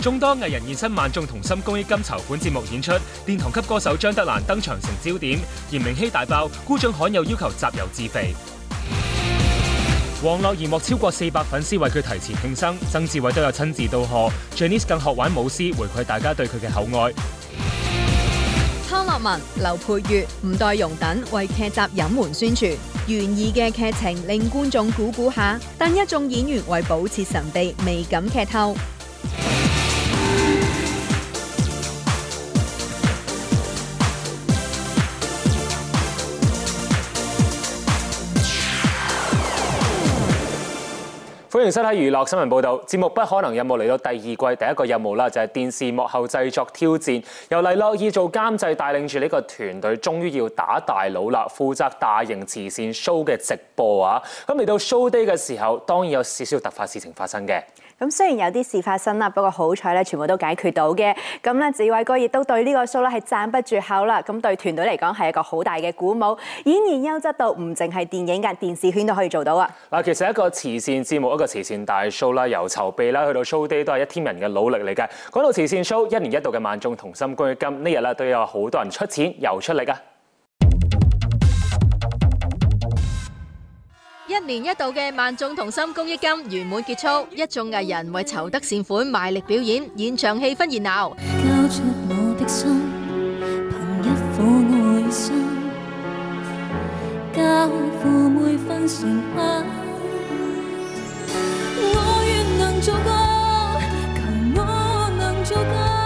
眾多藝人現身萬眾同心公益金籌款節目演出，殿堂級歌手張德蘭登場成焦點，嚴明熙大爆，姑丈罕有要求集郵自肥。王樂妍獲超過四百粉絲為佢提前慶生，曾志偉都有親自到賀 ，Jennice 更學玩舞獅回饋大家對佢嘅厚愛。湯洛雯、劉佩玥、吳岱融等為劇集隱門宣傳，懸疑嘅劇情令觀眾估估下，但一眾演員為保持神秘未敢劇透。歡迎收睇娛樂新聞報道。節目不可能任務嚟到第二季第一個任務啦，就係電視幕後製作挑戰。由黎諾懿做監製帶領住呢個團隊，終於要打大佬啦。負責大型慈善 show 嘅直播啊，咁嚟到 show day 嘅時候，當然有少少突發事情發生嘅。咁雖然有啲事發生啦，不過好彩咧，全部都解決到嘅。咁咧，志偉哥亦都對呢個 show 咧係讚不絕口啦。咁對團隊嚟講係一個好大嘅鼓舞，演然優質到唔淨係電影嘅電視圈都可以做到啊！嗱，其實一個慈善節目，一個慈善大 show 啦，由籌備啦去到 show day 都係一千人嘅努力嚟嘅。講到慈善 show，一年一度嘅萬眾同心公益金呢日啦都有好多人出錢又出力啊！一年一度嘅萬眾同心公益金圓滿結束，一眾藝人為籌得善款賣力表演，現場氣氛熱鬧。交出我的心，憑一顆愛心，交付每分善款，我願能做個，求我能做個。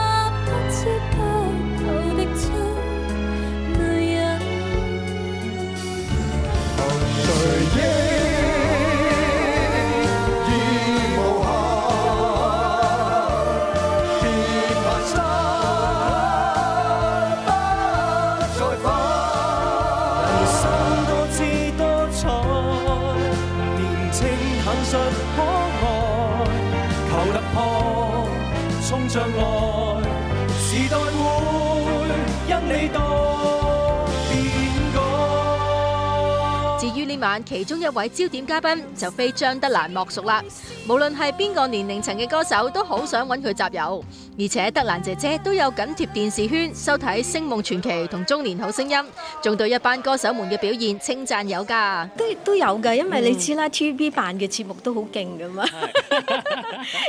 其中一位焦點嘉賓就非張德蘭莫屬啦。無論係邊個年齡層嘅歌手，都好想搵佢集郵。而且德蘭姐姐都有緊貼電視圈，收睇《聲夢傳奇》同《中年好聲音》，仲對一班歌手們嘅表現稱讚有加。都都有噶，因為你知啦，TVB 辦嘅節目都好勁噶嘛，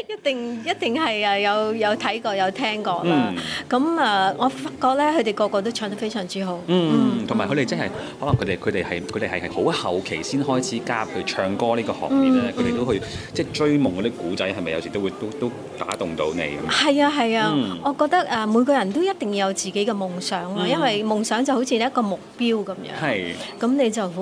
一定一定係啊，有有睇過有聽過啦。咁啊，我發覺咧，佢哋個個都唱得非常之好。嗯，同埋佢哋真係，可能佢哋佢哋係佢哋係係好後期。先開始加入去唱歌呢個行業咧，佢、嗯、哋、嗯、都去即係追夢嗰啲古仔，係咪有時都會都都打動到你咁啊？係啊係啊、嗯，我覺得誒每個人都一定要有自己嘅夢想咯、嗯，因為夢想就好似一個目標咁樣，係、咁你就好。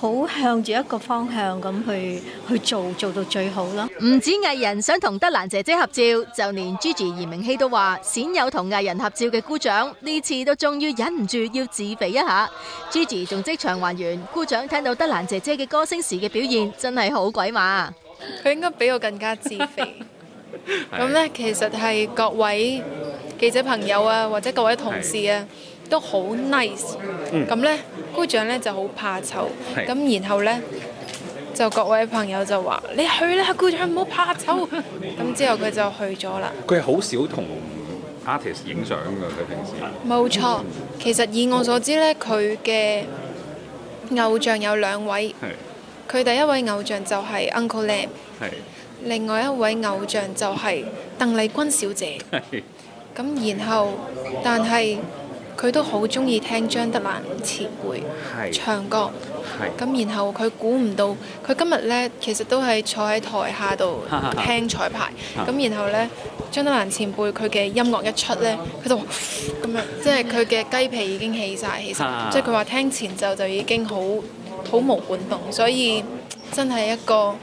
好向住一個方向咁去去做做到最好咯。唔止藝人想同德蘭姐姐合照，就連 Gigi 嚴明熙都話：罕有同藝人合照嘅姑丈，呢次都終於忍唔住要自肥一下。Gigi 仲即場還原姑丈聽到德蘭姐姐嘅歌聲時嘅表現，真係好鬼馬。佢應該比我更加自肥。咁呢，其實係各位記者朋友啊，或者各位同事啊。都好 nice，咁、嗯、呢，姑丈呢就好怕醜。咁然後呢，就各位朋友就話：你去， 去啦，姑丈唔好怕醜！」咁之後佢就去咗啦。佢好少同 artist 影相㗎，佢平時很。冇錯，嗯、其實以我所知呢，佢嘅偶像有兩位。佢第一位偶像就係 Uncle Lam，係另外一位偶像就係鄧麗君小姐。咁然後，但係。佢都好中意聽張德蘭前輩唱歌，咁然後佢估唔到，佢今日呢其實都係坐喺台下度聽彩排，咁 然後呢，張德蘭前輩佢嘅音樂一出呢，佢 他就咁樣， 即係佢嘅雞皮已經起晒，其實即係佢話聽前奏就已經好好毛管動，所以真係一個。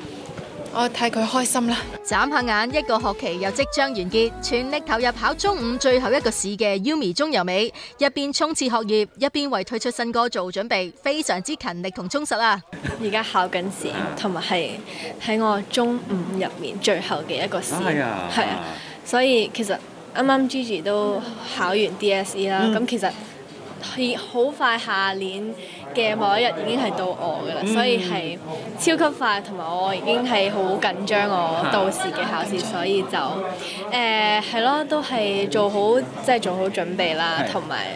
我替佢開心啦！眨下眼，一個學期又即將完結，全力投入考中五最後一個試嘅 Umi 鍾油美，一邊衝刺學業，一邊為推出新歌做準備，非常之勤力同充實啊！而家考緊試，同埋係喺我中五入面最後嘅一個試，係啊，啊，啊，所以其實啱啱 Gigi 都考完 DSE 啦，咁其實。好快下年嘅某一日已經係到我嘅啦、嗯，所以係超級快，同埋我已經係好緊張我到時嘅考試，所以就誒係咯，都係做好即係做好準備啦，同埋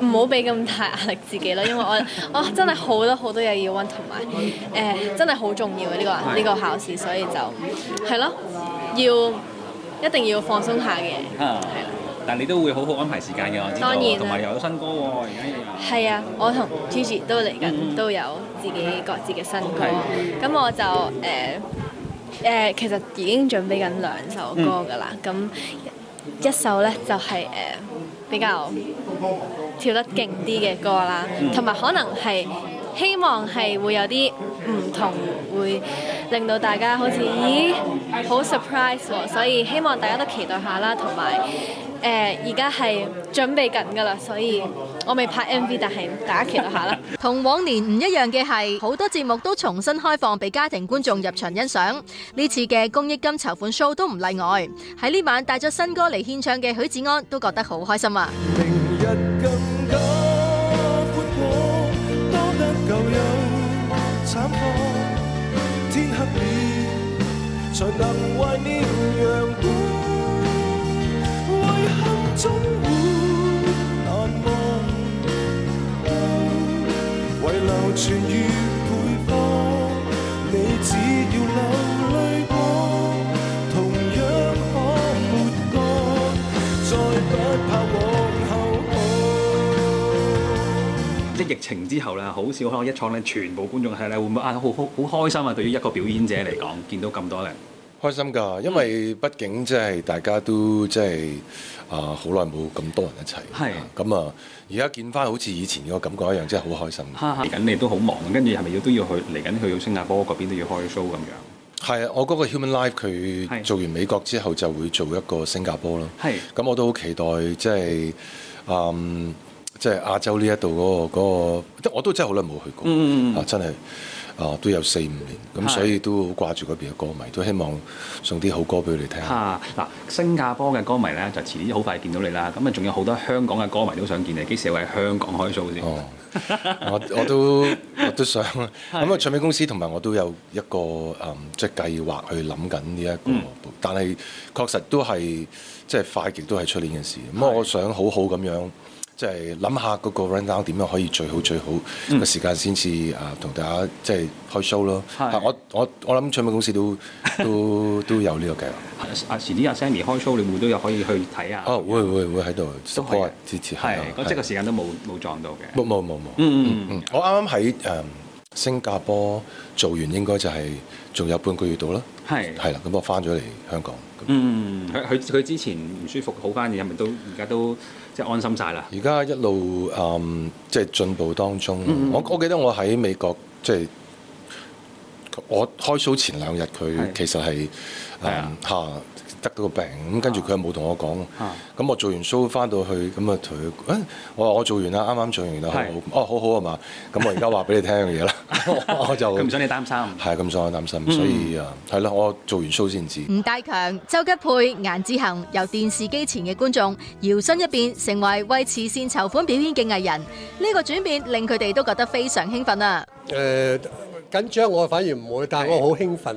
唔好俾咁大壓力自己咯，因為我我真係好多好多嘢要温，同埋誒真係好重要嘅呢個呢個考試，所以就係咯，要一定要放鬆下嘅，係啦。但你都會好好安排時間嘅，我知。當然。同埋又有新歌喎、哦，而家。係啊，我同 Gigi 都嚟緊、嗯，都有自己各自嘅新歌。咁我就誒誒、呃呃，其實已經準備緊兩首歌㗎啦。咁、嗯、一首呢，就係、是、誒、呃、比較跳得勁啲嘅歌啦，同、嗯、埋可能係希望係會有啲唔同，會令到大家好似咦好 surprise 喎、哦。所以希望大家都期待下啦，同埋。誒而家係準備緊㗎啦，所以我未拍 MV，但係大家期待下啦。同往年唔一樣嘅係，好多節目都重新開放俾家庭觀眾入場欣賞。呢次嘅公益金籌款數都唔例外。喺呢晚帶咗新歌嚟獻唱嘅許志安都覺得好開心啊！之後咧，好少可能一場咧，全部觀眾睇咧，會唔會啊好好好開心啊？對於一個表演者嚟講，見到咁多人，開心㗎。因為畢竟即係大家都即係、就是呃、啊，好耐冇咁多人一齊。係咁啊，而家見返好似以前嗰個感覺一樣，真係好開心。嚟緊你都好忙，跟住係咪要都要去嚟緊去到新加坡嗰邊都要開 show 咁樣？係啊，我嗰個 Human Life 佢做完美國之後、啊、就會做一個新加坡啦。係、啊。咁、嗯、我都好期待即係、就是、嗯。即、就、係、是、亞洲呢一度嗰個即、那個、我都真係好耐冇去過，嗯、啊真係啊都有四五年，咁所以的都好掛住嗰邊嘅歌迷，都希望送啲好歌俾佢哋聽。啊嗱，新加坡嘅歌迷咧，就遲啲，好快見到你啦，咁啊仲有好多香港嘅歌迷都想見你，幾時為香港開 show 先？哦，我我都 我都想，咁啊唱片公司同埋我都有一個誒、嗯、即係計劃去諗緊呢一個，嗯、但係確實都係即係快極都係出年嘅事。咁、嗯、我想好好咁樣。即係諗下嗰個 rundown 點樣可以最好最好嘅時間先至、嗯、啊，同大家即係開 show 咯。啊啊、我我我諗唱片公司都都 都有呢個計劃。阿遲啲阿 Sammy 開 show，你會都有可以去睇啊？哦，會會會喺度 support 支持係。啊啊、那即係個時間都冇冇撞到嘅。冇冇冇冇。嗯嗯嗯，嗯，嗯。我啱啱喺誒。嗯新加坡做完應該就係仲有半個月到啦，係係啦，咁我翻咗嚟香港。嗯，佢佢佢之前唔舒服好翻嘢，咪都而家都即係安心晒啦。而家一路誒，即係進步當中。嗯、我我記得我喺美國即係、即係、我開 show 前兩日，佢其實係吓。係得到個病咁，跟住佢又冇同我講。咁、啊啊、我做完 show 翻到去，咁啊同佢，我話我做完啦，啱啱做完啦，哦好好啊嘛，咁我而家話俾你聽嘅嘢啦，我就唔想你擔心，係咁想我擔心、嗯，所以啊，係咯，我做完 show 先知。吳大強、周吉佩、顏志恒由電視機前嘅觀眾搖身一變成為為慈善籌款表演嘅藝人，呢、這個轉變令佢哋都覺得非常興奮啊！誒緊張我反而唔會，但係我好興奮，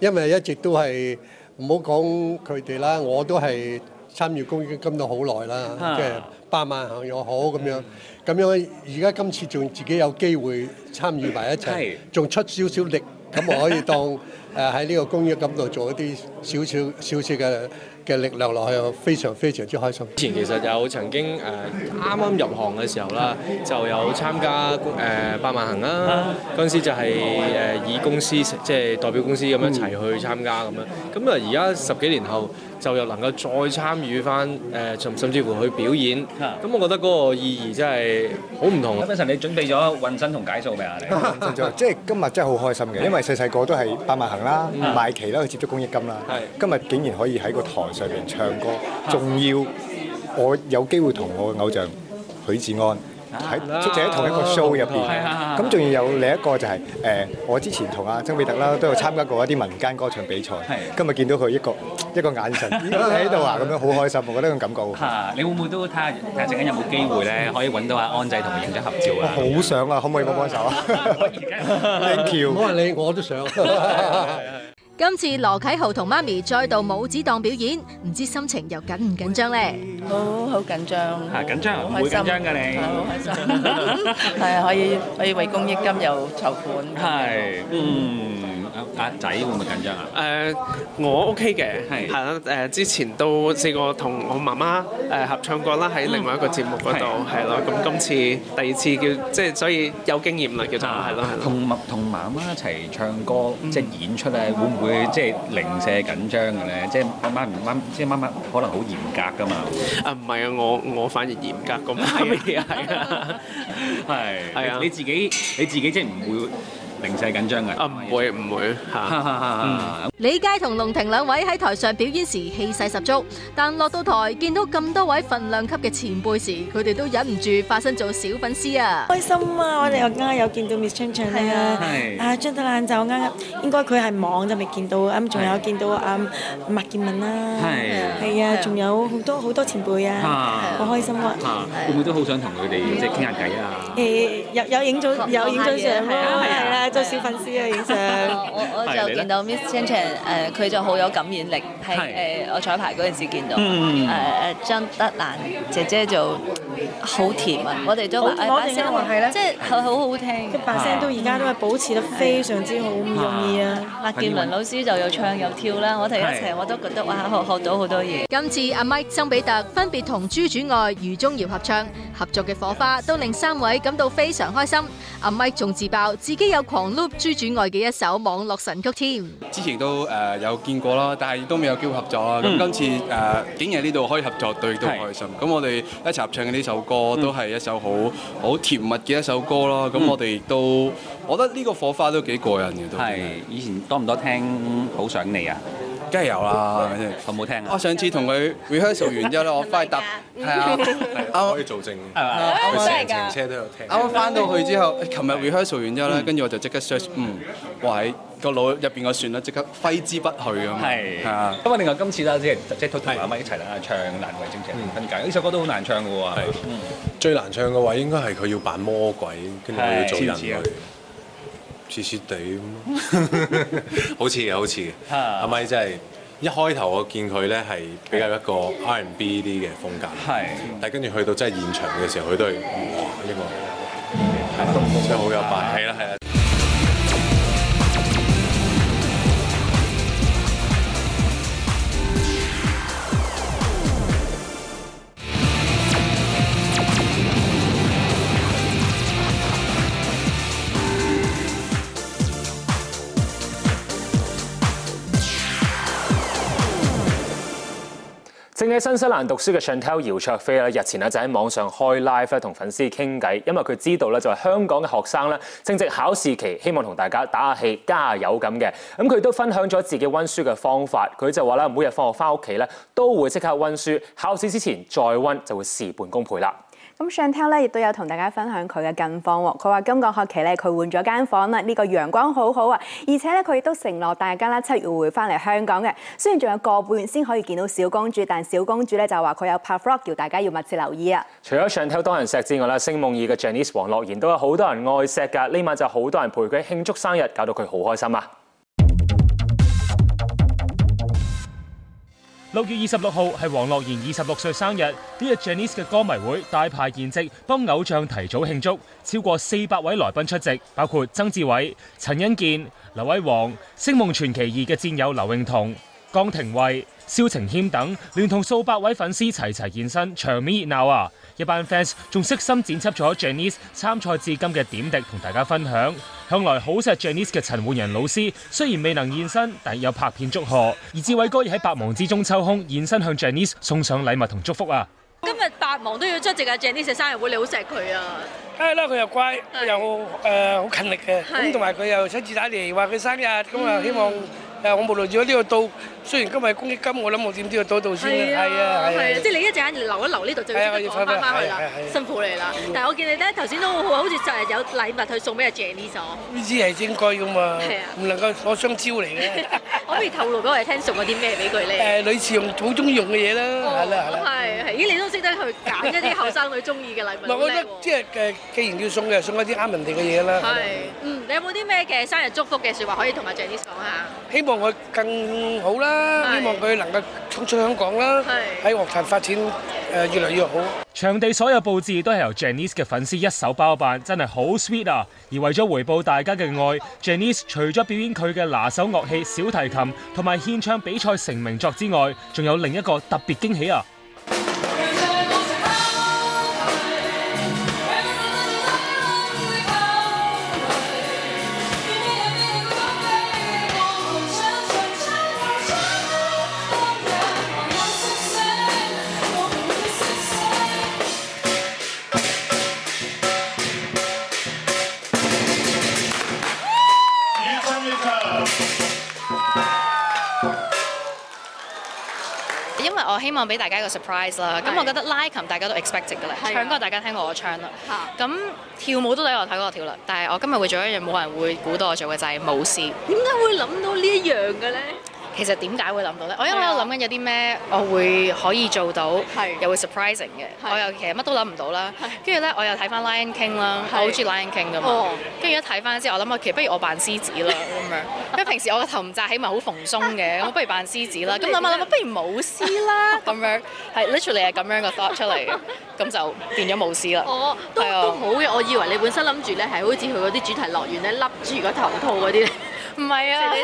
因為一直都係。唔好講佢哋啦，我都係參與公益金到好耐啦，即係百萬行又好咁樣。咁樣而家今次仲自己有機會參與埋一齊，仲出少少力，咁我可以當誒喺呢個公益金度做一啲少少少少嘅嘅力量落去，我非常非常之開心。之前其實有曾經誒啱啱入行嘅時候啦，就有參加誒百、呃、萬行啦、啊。嗰陣時就係、是、誒以公司即係代表公司咁一齊去參加咁樣，咁啊，而家十幾年後就又能夠再參與翻誒甚甚至乎去表演。咁、嗯嗯、我覺得嗰個意義真係好唔同。阿 Vinson 你準備咗渾身同解數未啊？你 即係今日真係好開心嘅，因為細細個都係百萬行啦、嗯、賣旗啦去接觸公益金啦。係今日竟然可以喺個台。上邊唱歌，仲要我有機會同我偶像許志安喺出席，即係喺同一個 show 入邊。咁仲要有另一個就係誒，我之前同阿曾比特啦都有參加過一啲民間歌唱比賽。今日見到佢一個一個眼神喺度啊，咁樣好開心，我覺得咁感覺。嚇！你會唔會都睇下睇下，陣間有冇機會咧可以揾到阿安仔同佢影張合照啊？好想啊！可唔可以幫幫手？唔好話你，我都想。今次羅啟豪同媽咪再度母子檔表演，唔知心情又緊唔緊張咧？好好緊張，吓緊張，唔會緊張噶你，好開心，係啊，可以可以為公益金又籌款，係，嗯，阿仔會唔會緊張啊？誒，我 OK 嘅，係，係啦，誒，之前都試過同我媽媽誒合唱過啦，喺另外一個節目嗰度，係咯，咁今次第二次叫，即係所以有經驗啦，叫做係咯，同麥同媽媽一齊唱歌，即係演出咧，會唔會？佢即係零舍緊張嘅咧，即係媽媽、媽即係媽媽，可能好嚴格噶嘛。啊，唔係啊，我我反而嚴格咁，係 是啊，係 係啊，啊，你自己你自己即係唔會。零舍緊張嘅啊，唔會唔會吓。李佳同龍庭兩位喺台上表演時氣勢十足，但落到台見到咁多位份量級嘅前輩時，佢哋都忍唔住化身做小粉絲啊！開心啊！我哋又啱啱有見到 Miss Chang Chang，係啊，啊張德蘭就啱啱，應該佢係忙就未見到。咁仲有見到啊麥建文啦，係啊，仲有好多好多前輩啊，好開心啊！會唔會都好想同佢哋即係傾下偈啊？誒有有影咗有影咗相係啊係啊！ 做小粉絲啊！影相 我我就見到 Miss Chan Chan 誒、呃，佢就好有感染力，係誒、呃，我彩排嗰陣的時候見到誒誒張德蘭姐姐就。好甜啊，我哋都把聲都係咧，即係好好聽。把聲到而家都係保持得非常之好，唔容易啊！麥健倫老師就又唱又跳啦，我哋一齊我都覺得哇，學學到好多嘢。今次阿 Mike、曾比特分別同朱主愛、余宗遙合唱合作嘅火花，都令三位感到非常開心。阿 Mike 仲自爆自己有狂 loop 朱主愛嘅一首網絡神曲添。之前都誒有見過啦，但係都未有機會合作啊。咁今次誒竟然喺呢度可以合作，對都開心。咁我哋一齊合唱嘅呢首，.首歌都係一首好好甜蜜嘅一首歌咯，咁，嗯、我哋亦都，我覺得呢個火花都幾過癮嘅都，係以前多唔多聽《好想你》啊？梗係有啦，有冇聽啊？我上次同佢 rehearsal 完之後咧，我翻去搭，係啊，可以做證的，成 啊，我成程車都有聽。啱啱翻到去之後，琴日 rehearsal 完之、嗯、後咧，跟住我就即刻 search，嗯，喂。個腦入邊個旋律即刻揮之不去嘛，係啊嘛！係啊！咁啊，另外今次咧，即係即係同阿咪一齊啦，唱難為正邪定分界呢首歌都好難唱嘅喎，最難唱嘅話應該係佢要扮魔鬼，跟住佢要做人類，黐黐地咁，好似嘅好似嘅。阿咪真係一開頭我見佢咧，係比較一個 R&B 啲嘅風格，係啊、但係跟住去到真係現場嘅時候佢，佢都係哇，呢個真係好有扮、啊，係啦係啦。新西蘭讀書嘅 Chantelle 姚卓菲日前咧就喺網上開 live 咧同粉絲傾偈，因為佢知道咧就係香港嘅學生咧正值考試期，希望同大家打下氣，加油咁嘅。咁佢都分享咗自己溫書嘅方法，佢就話咧每日放學返屋企咧都會即刻溫書，考試之前再溫就會事半功倍啦。咁 Shantel 咧，亦都有同大家分享佢嘅近況喎。佢話：今個學期咧，佢換咗間房啦，呢個陽光好好啊。而且咧，佢亦都承諾大家啦，七月會翻嚟香港嘅。雖然仲有個半月先可以見到小公主，但小公主咧就話佢有拍 vlog，叫大家要密切留意啊。除咗 Shantel 多人錫之外咧，星夢二嘅 Janice 黃樂妍都有好多人愛錫㗎。呢晚就好多人陪佢慶祝生日，搞到佢好開心啊！六月二十六號係黃樂妍二十六歲生日，呢日 Janice 嘅歌迷會大排筵席，幫偶像提早慶祝，超過四百位來賓出席，包括曾志偉、陳欣健、劉偉煌、星夢傳奇二嘅戰友劉永彤、江庭慧、蕭晴謙等，連同數百位粉絲齊齊現身，場面熱鬧啊！一班 fans 仲悉心剪輯咗 Janice 參賽至今嘅點滴同大家分享，向來好錫 Janice 嘅陳煥仁老師雖然未能現身，但有拍片祝賀。而志偉哥亦喺百忙之中抽空現身向 Janice 送上禮物同祝福啊！今日百忙都要出席啊 Janice 生日會，你好錫佢啊！梗係啦，佢又乖，又誒好勤力嘅。咁同埋佢又親自打嚟話佢生日，咁啊、嗯、希望誒我無論果呢嘢到。雖然今日係公益金，我諗我點知啊？攞到先啦，係啊，係啊，即係你一陣間留一留呢度，就要翻翻去啦，辛苦你啦。但係我見你咧頭先都好似就係有禮物去送俾阿 Jenny 咗，呢支係應該嘅嘛，唔能夠攞香蕉嚟嘅。可唔可以透露俾我哋聽送咗啲咩俾佢咧？誒，女士用好中意用嘅嘢啦，係啦係啦，係係。咦，你都識得去揀一啲後生女中意嘅禮物咧？嗱，我覺得即係誒，既然要送嘅，送一啲啱人哋嘅嘢啦。係，嗯，你有冇啲咩嘅生日祝福嘅説話可以同阿 Jenny 講下？希望佢更好啦。希望佢能夠衝出香港啦，喺樂壇發展、呃、越嚟越好。場地所有布置都係由 Janice 嘅粉絲一手包辦，真係好 sweet 啊！而為咗回報大家嘅愛，Janice 除咗表演佢嘅拿手樂器小提琴同埋獻唱比賽成名作之外，仲有另一個特別驚喜啊！俾大家一個 surprise 啦，咁我覺得拉琴大家都 expecting 嘅啦，唱歌大家聽過我唱啦，咁跳舞都睇我睇我跳啦，但係我今日會做一樣冇人會估到我做嘅，就係舞獅。點解會諗到呢一樣嘅咧？其實點解會諗到咧？我因為我諗緊有啲咩我會可以做到，係又會 surprising 嘅。我又其實乜都諗唔到啦。跟住咧，我又睇翻 Lion King 啦，我好中意 Lion King 嘅嘛。跟、哦、住一睇翻之後，我諗啊，其實不如我扮獅子啦咁 樣。因為平時我個頭唔紮起咪好蓬鬆嘅，咁 不如扮獅子啦。咁諗下諗下不如舞獅啦咁樣。係 literally 係咁樣個 thought 出嚟，咁 就變咗舞獅啦。哦、啊，都好嘅。我以為你本身諗住咧係好似佢嗰啲主題樂園咧笠住個頭套嗰啲。唔係啊！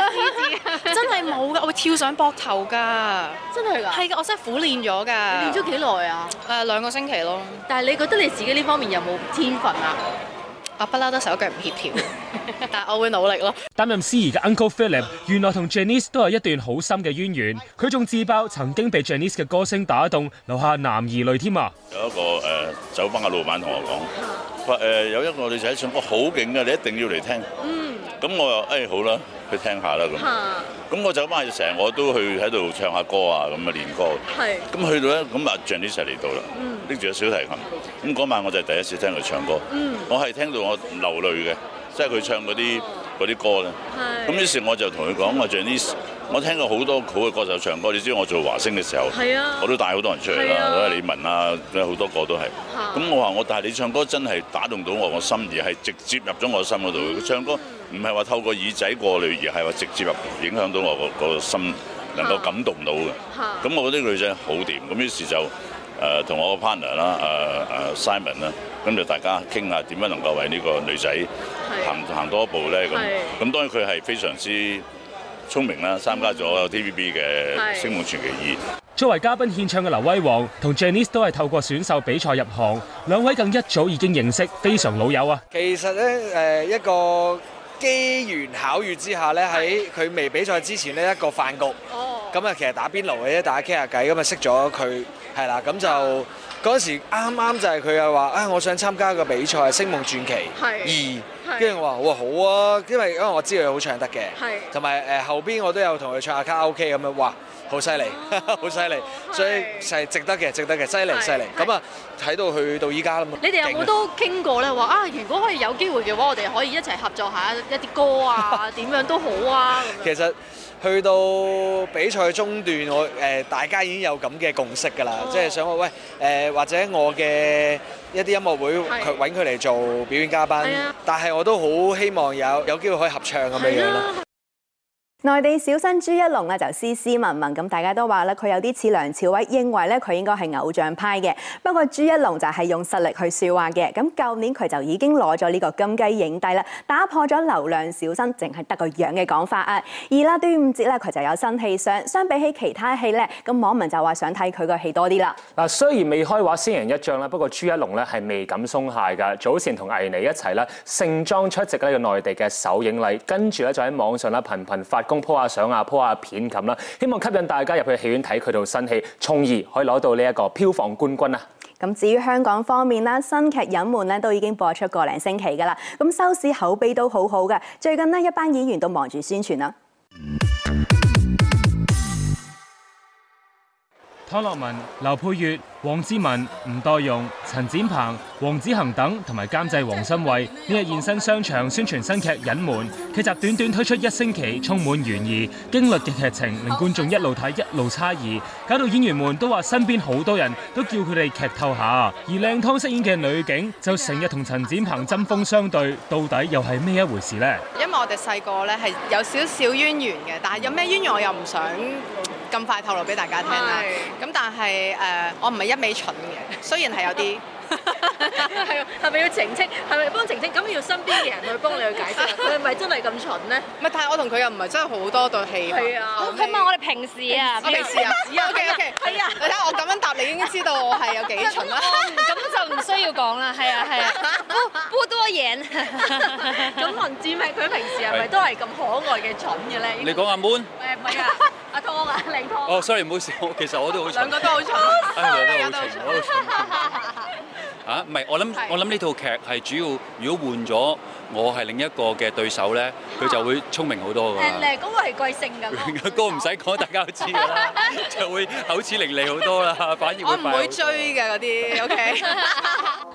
真係冇噶，我會跳上膊頭噶，真係㗎，係㗎，我真係苦練咗㗎。練咗幾耐啊？誒、啊、兩個星期咯。但係你覺得你自己呢方面有冇天分啊？啊不嬲都手腳唔協調， 但係我會努力咯。擔任司儀嘅 Uncle Philip 原來同 Janice 都有一段好深嘅淵源，佢仲自爆曾經被 Janice 嘅歌聲打動，留下男兒淚添啊！有一個誒酒吧嘅老闆同我講，話、呃、誒、呃、有一個女仔唱歌好勁嘅，你一定要嚟聽。嗯。咁我又誒、哎、好啦，去聽下啦咁。咁我就咁去，成日我都去喺度唱下歌啊，咁啊練歌。係咁去到咧，咁啊 Janice 嚟到啦，拎、嗯、住個小提琴。咁嗰、那個、晚我就係第一次聽佢唱歌。嗯、我係聽到我流淚嘅，即係佢唱嗰啲嗰啲歌咧。係咁於是我就同佢講：阿 Janice，我聽過好多好嘅歌手唱歌。你知道我做華星嘅時候，係啊，我都帶好多人出嚟啦，阿李玟啊，好多個都係。嚇！咁我話我但係你唱歌真係打動到我個心，而係直接入咗我心嗰度、嗯。唱歌。唔係話透過耳仔過濾，而係話直接入影響到我個個心，能夠感動到嘅。咁我覺得女仔好掂，咁於是就誒同我個 partner 啦，誒誒 Simon 啦，咁就大家傾下點樣能夠為呢個女仔行行多一步咧。咁咁當然佢係非常之聰明啦，參加咗 TVB 嘅《星夢傳奇二》。作為嘉賓獻唱嘅劉威煌同 Janice 都係透過選秀比賽入行，兩位更一早已經認識，非常老友啊。其實咧，誒一個。機緣巧遇之下咧，喺佢未比賽之前呢一個飯局，咁啊，其實打邊爐嘅啫，大家傾下偈，咁啊，識咗佢，係啦，咁就嗰陣時啱啱就係佢又話啊，我想參加個比賽《星夢傳奇》二，跟住我話哇好啊，因為因為我知道佢好唱得嘅，同埋誒後邊我都有同佢唱下卡拉 OK 咁樣，哇！好犀利，好犀利，所以係值得嘅，值得嘅，犀利，犀利。咁啊，睇到去到依家啦嘛。你哋有冇都傾過咧？話啊，如果可以有機會嘅話，我哋可以一齊合作一下一啲歌啊，點 樣都好啊。其實去到比賽中段，我誒、呃，大家已經有咁嘅共識噶啦，即、哦、係、就是、想話：喂誒、呃，或者我嘅一啲音樂會，佢揾佢嚟做表演嘉賓、啊，但係我都好希望有有機會可以合唱咁嘅、啊、樣咯。內地小生朱一龍啊，就斯斯文文咁，大家都話咧佢有啲似梁朝偉，認為咧佢應該係偶像派嘅。不過朱一龍就係用實力去説話嘅。咁舊年佢就已經攞咗呢個金雞影帝啦，打破咗流量小生淨係得個樣嘅講法啊！而啦端午節咧，佢就有新戲上，相比起其他戲咧，咁網民就話想睇佢個戲多啲啦。嗱，雖然未開畫先贏一仗啦，不過朱一龍咧係未敢鬆懈㗎。早前同倪妮一齊咧盛裝出席呢個內地嘅首映禮，跟住咧就喺網上咧頻頻發鋪下相啊，鋪下片咁啦，希望吸引大家入去戲院睇佢套新戲，從而可以攞到呢一個票房冠軍啊！咁至於香港方面咧，新劇隱瞞咧都已經播出個零星期噶啦，咁收視口碑都好好嘅。最近咧一班演員都忙住宣傳啦。湯樂文、劉佩玥。黃之文、吳岱融、陳展鵬、黃子恒等同埋監製王心慰呢日現身商場宣傳新劇《隱瞞》。劇集短短推出一星期，充滿懸疑驚慄嘅劇情，令觀眾一路睇一路猜疑，搞到演員們都話身邊好多人都叫佢哋劇透下。而靚湯飾演嘅女警就成日同陳展鵬針鋒相對，到底又係咩一回事呢？因為我哋細個咧係有少少淵源嘅，但係有咩淵源我又唔想咁快透露俾大家聽啦。咁但係誒、呃，我唔係一一味蠢嘅，雖然係有啲係，係 咪要澄清？係咪幫澄清？咁要身邊嘅人去幫你去解釋，佢係咪真係咁蠢咧？咪但係我同佢又唔係真係好多對戲啊！佢、嗯、問我哋平時啊，平時啊，OK OK，係啊、okay, okay，啊！你睇下我咁樣答，你已經知道我係有幾蠢啦、啊！咁、啊啊、 就唔需要講啦，係啊係啊，煲、啊、 多嘢、啊。咁林志明佢平時係咪都係咁可愛嘅蠢嘅咧？你講阿妹？唔係呀阿湯啊，令湯。哦，sorry，唔好意思。其實我都好。兩個都好聰明。啊，兩個都好情。我都。啊，唔係，我諗我諗呢套劇係主要，如果換咗我係另一個嘅對手咧，佢就會聰明好多㗎啦。誒，嗰個係貴姓㗎？阿哥唔使講，大家都知道啦。就會口齒伶俐好多啦，反而會。我唔會追㗎嗰啲，OK。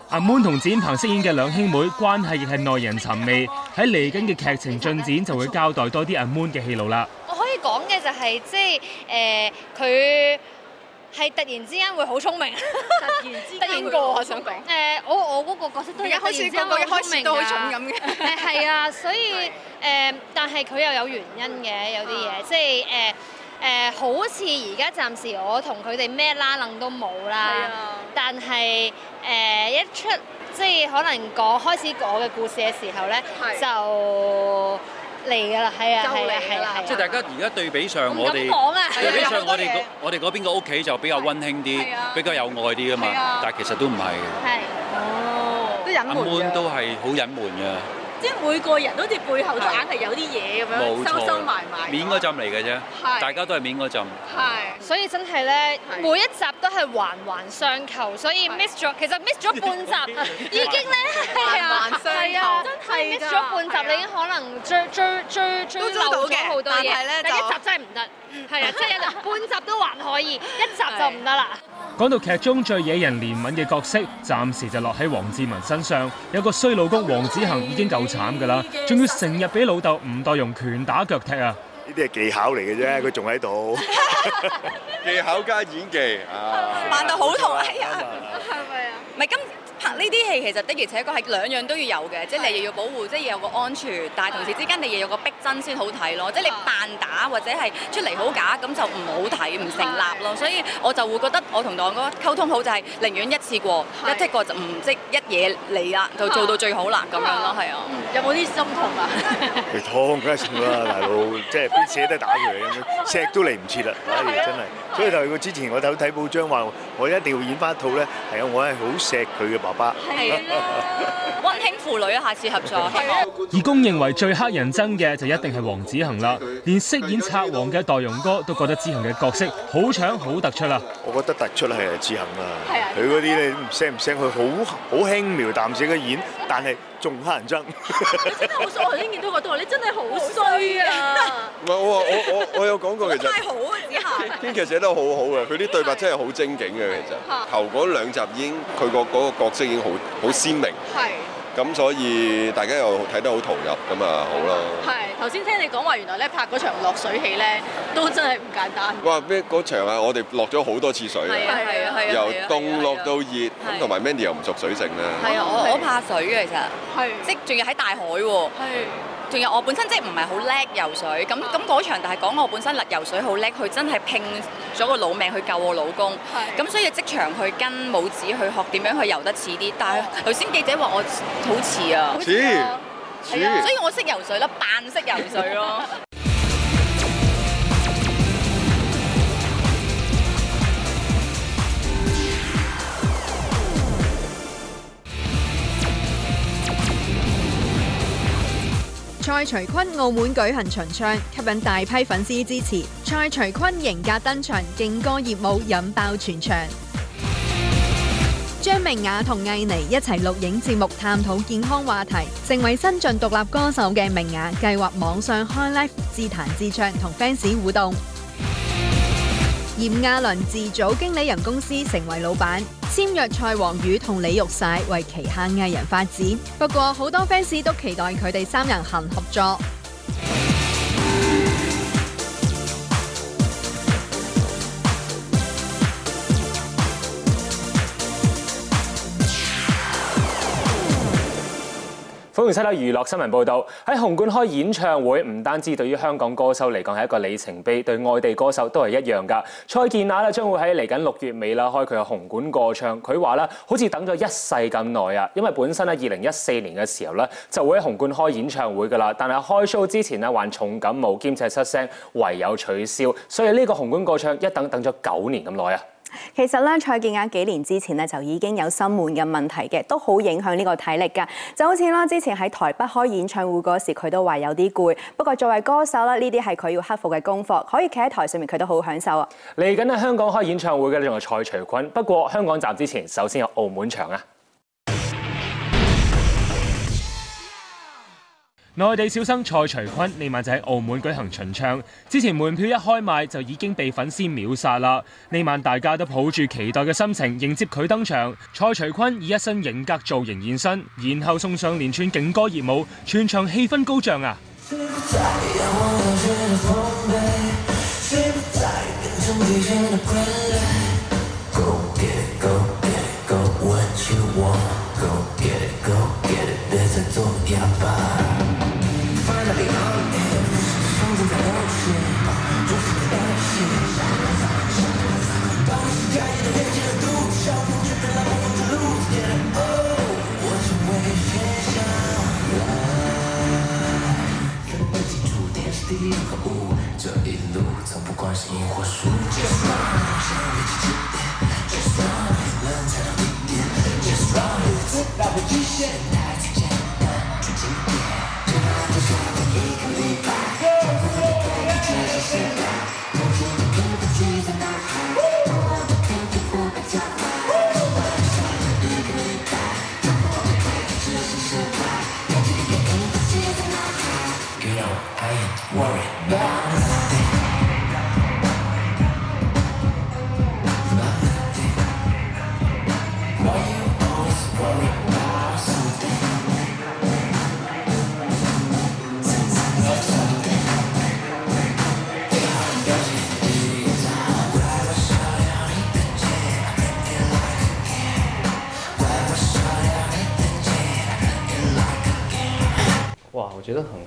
阿 Moon 同展鵬飾演嘅兩兄妹關係亦係耐人尋味，喺嚟緊嘅劇情進展就會交代多啲阿 Moon 嘅戲路啦。可以講嘅就係、是、即係誒，佢、呃、係突然之間會好聰明， 突然過，我想講誒，我我嗰個角色都係突然之間好聰明嘅、 嗯。係啊，所以誒、呃，但係佢又有原因嘅，有啲嘢、啊、即係誒誒，好似而家暫時我同佢哋咩拉楞都冇啦，啊、但係誒、呃、一出即係可能講開始講我嘅故事嘅時候咧就。嚟噶啦，係啊，係啊，係啊，即係、啊就係、大家而家對比上我哋、啊，對比上我哋，我哋嗰邊個屋企就比較溫馨啲、啊啊，比較有愛啲噶嘛，但係其實都唔係，係、啊，哦，都隱瞞嘅，一般都係好隱瞞嘅。即係每個人都好似背後都硬係有啲嘢咁樣收收埋埋。面嗰陣嚟嘅啫，大家都係面嗰陣。所以真係咧，每一集都係環環相扣，所以 miss 咗，其實 miss 咗半集已經咧係啊，係啊，真係 miss 咗半集、啊，你已經可能追追追追的漏咗好多嘢，但係第一集真係唔得，係 啊，即係一半集都還可以，一集就唔得啦。講到劇中最惹人憐憫嘅角色，暫時就落喺黃志文身上。有個衰老公黃子恒已經夠慘㗎啦，仲要成日俾老豆吳代用拳打腳踢啊！呢啲係技巧嚟嘅啫，佢仲喺度， 技巧加演技 啊！扮到好痛啊！係咪啊？唔係今。拍呢啲戲其實的而且確係兩樣都要有嘅，即係你又要保護，即係要有個安全，但係同時之間你又要個逼真先好睇咯。即係你扮打或者係出嚟好假咁就唔好睇，唔成立咯。所以我就會覺得我同當嗰個溝通好就係寧願一次過，一次過就唔識一嘢嚟啦，就做到最好啦咁樣咯，係啊。有冇啲心痛啊？痛梗係痛啦，大佬，即係邊捨得打佢咁樣，錫都嚟唔切啦，唉，真係。所以就之前我睇睇報章話，我一定要演翻一套咧，係啊，我係好錫佢嘅。係啦，溫、啊啊、馨父女啊，下次合作。義工、啊啊、認為最乞人憎嘅就一定係黃子恒啦，連飾演賊王嘅代容哥都覺得子恒嘅角色好搶好突出啦。我覺得突出係志恒啊，佢嗰啲你唔聲唔聲，佢好好輕描淡寫嘅演。但係仲蝦人憎，我所曾經見到都話你真係好衰啊！唔係我話我我我有講過其實，太好啊！子夏編劇寫得好好嘅，佢啲對白真係好精警嘅其實。頭嗰兩集已經佢個嗰個角色已經好好鮮明，咁所以大家又睇得好投入，咁啊好咯。頭先聽你講話，原來咧拍嗰場落水戲咧，都真係唔簡單。哇！咩嗰場啊？我哋落咗好多次水，由凍落到熱，同埋 Mandy 又唔熟水性咧。係啊，我我怕水嘅其實，是啊是啊、即係仲要喺大海喎，仲、啊、有我本身即係唔係好叻游水。咁咁嗰場，但係講我本身叻游水好叻，佢真係拼咗個老命去救我老公。係、啊。咁所以即場去跟母子去學點樣去游得似啲。但係頭先記者話我好似啊。似。係呀，所以我識游水咯，扮識游水咯。 蔡徐坤澳門舉行巡唱，吸引大批粉絲支持。蔡徐坤型格登場，勁歌熱舞引爆全場。張明雅同藝妮一齊錄影節目，探討健康話題。成為新晉獨立歌手嘅明雅，計劃網上開 live 自彈自唱，同 fans 互動。炎亞綸自組經理人公司，成為老闆，簽約蔡黃宇同李玉璽為旗下藝人發展。不過好多 fans 都期待佢哋三人行合作。歡迎收睇娛樂新聞報道。喺紅館開演唱會，唔單止對於香港歌手嚟講係一個里程碑，對外地歌手都係一樣噶。蔡健雅咧，將會喺嚟緊六月尾啦，開佢嘅紅館個唱，佢話咧，好似等咗一世咁耐啊。因為本身咧，二零一四年嘅時候咧，就會喺紅館開演唱會噶啦，但係開 show 之前呢，患重感冒兼且失聲，唯有取消，所以呢個紅館個唱一等等咗九年咁耐啊。其實咧，蔡健雅幾年之前咧就已經有心悶嘅問題嘅，都好影響呢個體力噶。就好似啦，之前喺台北開演唱會嗰時候，佢都話有啲攰。不過作為歌手啦，呢啲係佢要克服嘅功課，可以企喺台上面，佢都好享受啊。嚟緊喺香港開演唱會嘅仲有蔡徐坤，不過香港站之前，首先有澳門場啊。內地小生蔡徐坤呢晚就喺澳門舉行巡唱，之前門票一開賣就已經被粉絲秒殺啦。呢晚大家都抱住期待嘅心情迎接佢登場，蔡徐坤以一身型格造型現身，然後送上連串勁歌熱舞，全場氣氛高漲啊！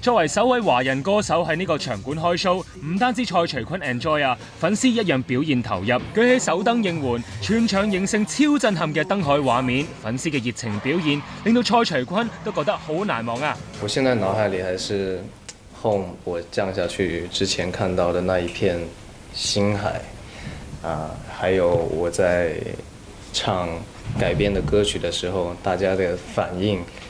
作為首位華人歌手喺呢個場館開 show，唔單止蔡徐坤 enjoy 啊，粉絲一樣表現投入，舉起手燈應援，全場形成超震撼嘅燈海畫面，粉絲嘅熱情表現令到蔡徐坤都覺得好難忘啊！我現在腦海裏還是 Home，我降下去之前看到的那一片星海啊，還有我在唱改編的歌曲的時候，大家的反應。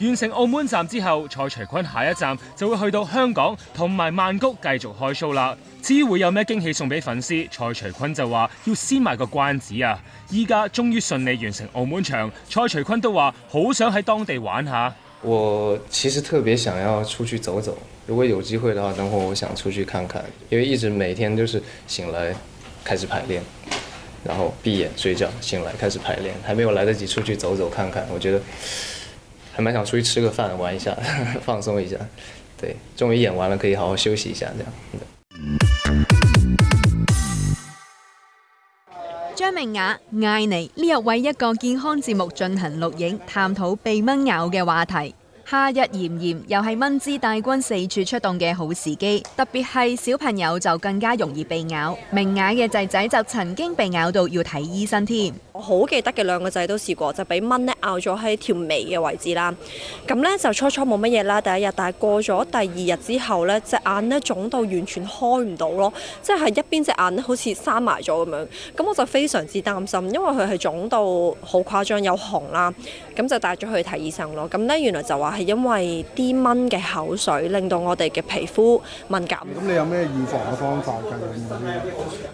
完成澳門站之後，蔡徐坤下一站就會去到香港同埋曼谷繼續開 show 啦。至於會有咩驚喜送俾粉絲，蔡徐坤就話要先賣個關子啊！依家終於順利完成澳門場，蔡徐坤都話好想喺當地玩下。我其實特別想要出去走走，如果有機會的話，等會我想出去看看，因為一直每天就是醒來開始排練，然後閉眼睡覺，醒來開始排練，還沒有來得及出去走走看看，我覺得。還蠻想出去吃個飯，玩一下，呵呵，放鬆一下，對，終於演完了，可以好好休息一下這樣。張明雅、艾妮呢日為一個健康節目進行錄影，探討被蚊咬嘅話題。夏日炎炎，又係蚊滋大軍四處出動嘅好時機，特別係小朋友就更加容易被咬。明雅嘅仔仔就曾經被咬到要睇醫生添。我好記得嘅兩個仔都試過，就俾蚊咧咬咗喺條眉嘅位置啦。咁咧就初初冇乜嘢啦，第一日，但係過咗第二日之後咧，隻眼咧腫到完全開唔到咯，即係一邊隻眼好似閂埋咗咁樣。咁我就非常之擔心，因為佢係腫到好誇張，有紅啦，咁就帶咗去睇醫生咯。咁咧原來就話。係因為啲蚊嘅口水令到我哋嘅皮膚敏感。咁你有咩預防嘅方法㗎、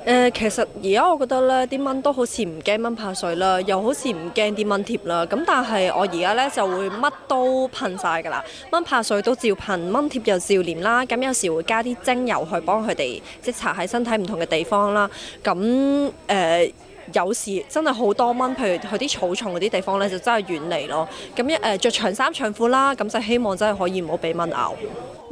呃？其實而家我覺得咧，啲蚊都好似唔驚蚊怕水啦，又好似唔驚啲蚊貼啦。咁但係我而家咧就會乜都噴晒㗎啦，蚊怕水都照噴，蚊貼又照粘啦。咁有時會加啲精油去幫佢哋，即係搽喺身體唔同嘅地方啦。咁誒。呃有時真係好多蚊，譬如去啲草叢嗰啲地方呢，就真係遠離咯。咁誒，着長衫長褲啦，咁就希望真係可以唔好俾蚊咬。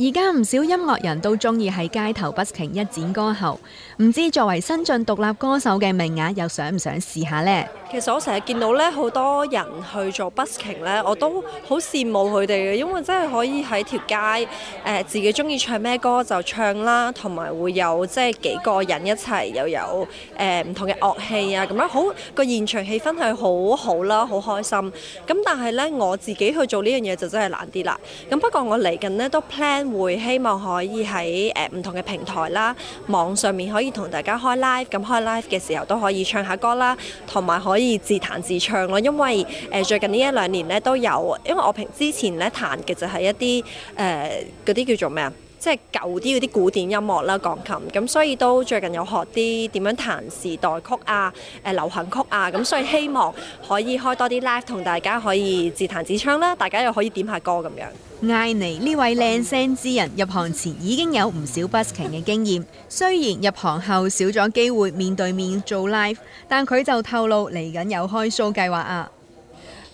而家唔少音樂人都中意喺街頭 busking 一展歌喉，唔知作為新晉獨立歌手嘅名額，又想唔想試下呢？其實我成日見到咧，好多人去做 busking 咧，我都好羨慕佢哋嘅，因為真係可以喺條街誒，自己中意唱咩歌就唱啦，同埋會有即係幾個人一齊，又有誒唔同嘅樂器啊，咁樣好個現場氣氛係好好啦，好開心。咁但係咧，我自己去做呢樣嘢就真係難啲啦。咁不過我嚟緊呢都 plan。會希望可以喺誒唔同嘅平台啦，網上面可以同大家開 live，咁開 live 嘅時候都可以唱下歌啦，同埋可以自彈自唱咯。因為誒、呃、最近呢一兩年咧都有，因為我平之前咧彈嘅就係一啲誒嗰啲叫做咩啊？即係舊啲嗰啲古典音樂啦，鋼琴咁，所以都最近有學啲點樣彈時代曲啊，誒、呃、流行曲啊，咁所以希望可以開多啲 live，同大家可以自彈自唱啦，大家又可以點下歌咁樣。艾妮呢位靚聲之人入行前已經有唔少 busking 嘅經驗， 雖然入行後少咗機會面對面做 live，但佢就透露嚟緊有開 show 計劃啊。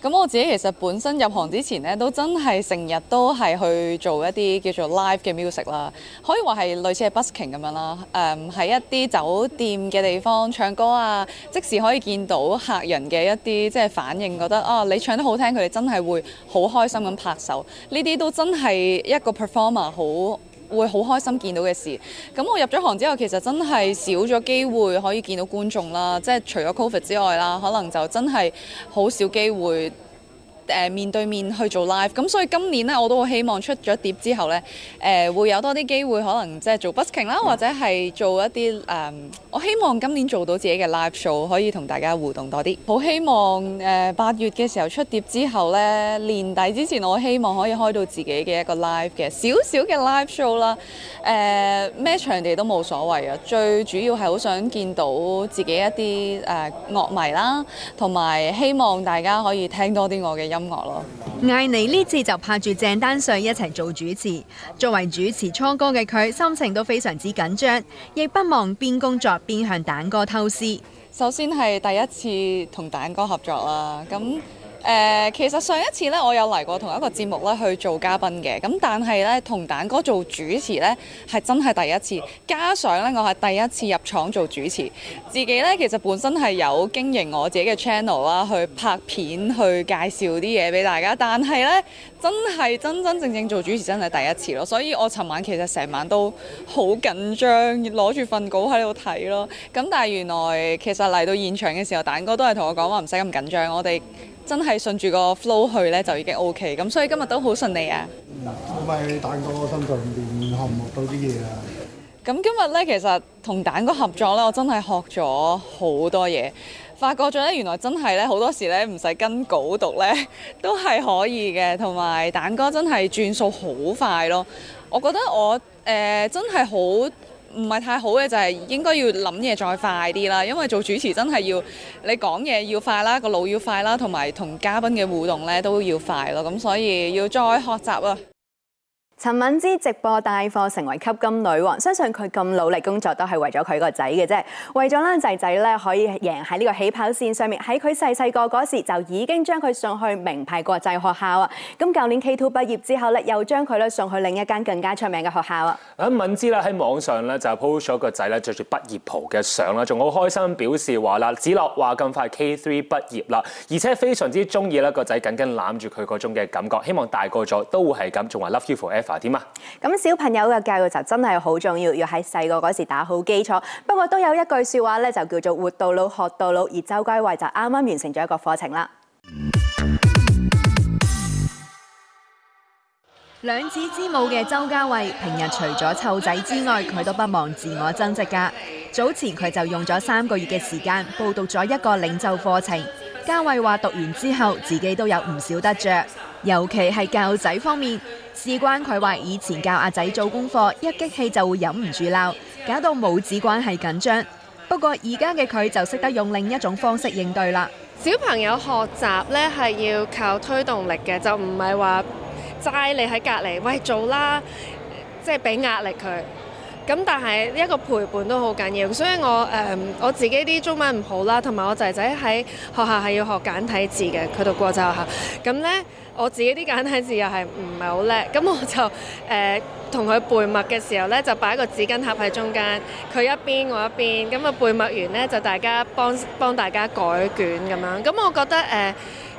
咁我自己其實本身入行之前咧，都真係成日都係去做一啲叫做 live 嘅 music 啦，可以話係類似係 busking 咁樣啦。呃、喺一啲酒店嘅地方唱歌啊，即時可以見到客人嘅一啲即係反應，覺得哦、啊、你唱得好聽，佢哋真係會好開心咁拍手。呢啲都真係一個 performer 好會好開心見到嘅事，咁我入咗行之後，其實真係少咗機會可以見到觀眾啦，即係除咗 COVID 之外啦，可能就真係好少機會。誒面對面去做 live，咁所以今年咧我都好希望出咗碟之後咧，誒、呃、會有多啲機會可能即係做 busking 啦，或者係做一啲誒、呃、我希望今年做到自己嘅 live show，可以同大家互動多啲。好希望誒八、呃、月嘅時候出碟之後咧，年底之前我希望可以開到自己嘅一個 live 嘅，小小嘅 live show 啦。誒、呃、咩場地都冇所謂啊，最主要係好想見到自己一啲誒、呃、樂迷啦，同埋希望大家可以聽多啲我嘅音樂。音樂咯，艾妮呢次就拍住鄭丹瑞一齊做主持。作為主持初哥嘅佢，心情都非常之緊張，亦不忘邊工作邊向蛋哥偷師。首先係第一次同蛋哥合作啦，咁。呃，其實上一次咧，我有嚟過同一個節目咧去做嘉賓嘅。咁但係咧，同蛋哥做主持咧係真係第一次，加上咧我係第一次入廠做主持。自己咧其實本身係有經營我自己嘅 channel 啦，去拍片去介紹啲嘢俾大家。但係咧真係真真正正做主持真係第一次咯。所以我尋晚其實成晚都好緊張，攞住份稿喺度睇咯。咁但係原來其實嚟到現場嘅時候，蛋哥都係同我講話唔使咁緊張，我哋。我真係順住個 flow 去呢，就已經 OK。咁所以今日都好順利啊！嗱，我蛋哥心上邊學,學到啲嘢呀？咁今日呢，其實同蛋哥合作呢，我真係學咗好多嘢，發覺咗呢，原來真係呢，好多時呢，唔使跟稿讀呢，都係可以嘅。同埋蛋哥真係轉數好快咯！我覺得我、呃、真係好～唔係太好嘅，就係應該要諗嘢再快啲啦。因為做主持真係要你講嘢要快啦，個腦要快啦，同埋同嘉賓嘅互動呢都要快咯。咁所以要再學習啊！陳敏之直播帶貨成為吸金女王，相信佢咁努力工作都係為咗佢個仔嘅啫，為咗咧仔仔咧可以贏喺呢個起跑線上面。喺佢細細個嗰時候就已經將佢送去名牌國際學校啊！咁舊年 K2 畢業之後咧，又將佢咧送去另一間更加出名嘅學校啊！敏之咧喺網上咧就 post 咗個仔咧着住畢業袍嘅相啦，仲好開心表示話啦，子樂話咁快 K3 畢業啦，而且非常之中意啦個仔緊緊攬住佢個種嘅感覺，希望大個咗都會係咁，仲話 Love you forever。點啊？咁小朋友嘅教育就真係好重要，要喺細個嗰時打好基礎。不過都有一句説話咧，就叫做活到老，學到老。而周佳慧就啱啱完成咗一個課程啦。兩子之母嘅周家慧平日除咗湊仔之外，佢都不忘自我增值噶。早前佢就用咗三個月嘅時間報讀咗一個領袖課程。家慧話讀完之後，自己都有唔少得着。尤其係教仔方面，事關佢話以前教阿仔做功課，一激氣就會忍唔住鬧，搞到母子關係緊張。不過而家嘅佢就識得用另一種方式應對啦。小朋友學習呢係要靠推動力嘅，就唔係話齋你喺隔籬喂做啦，即係俾壓力佢。咁但係呢一個陪伴都好緊要，所以我誒、嗯、我自己啲中文唔好啦，同埋我仔仔喺學校係要學簡體字嘅，佢讀國際學校。咁呢，我自己啲簡體字又係唔係好叻，咁我就誒同佢背默嘅時候呢，就擺個紙巾盒喺中間，佢一邊我一邊，咁、嗯、啊背默完呢，就大家幫幫大家改卷咁樣。咁、嗯、我覺得誒咁、呃、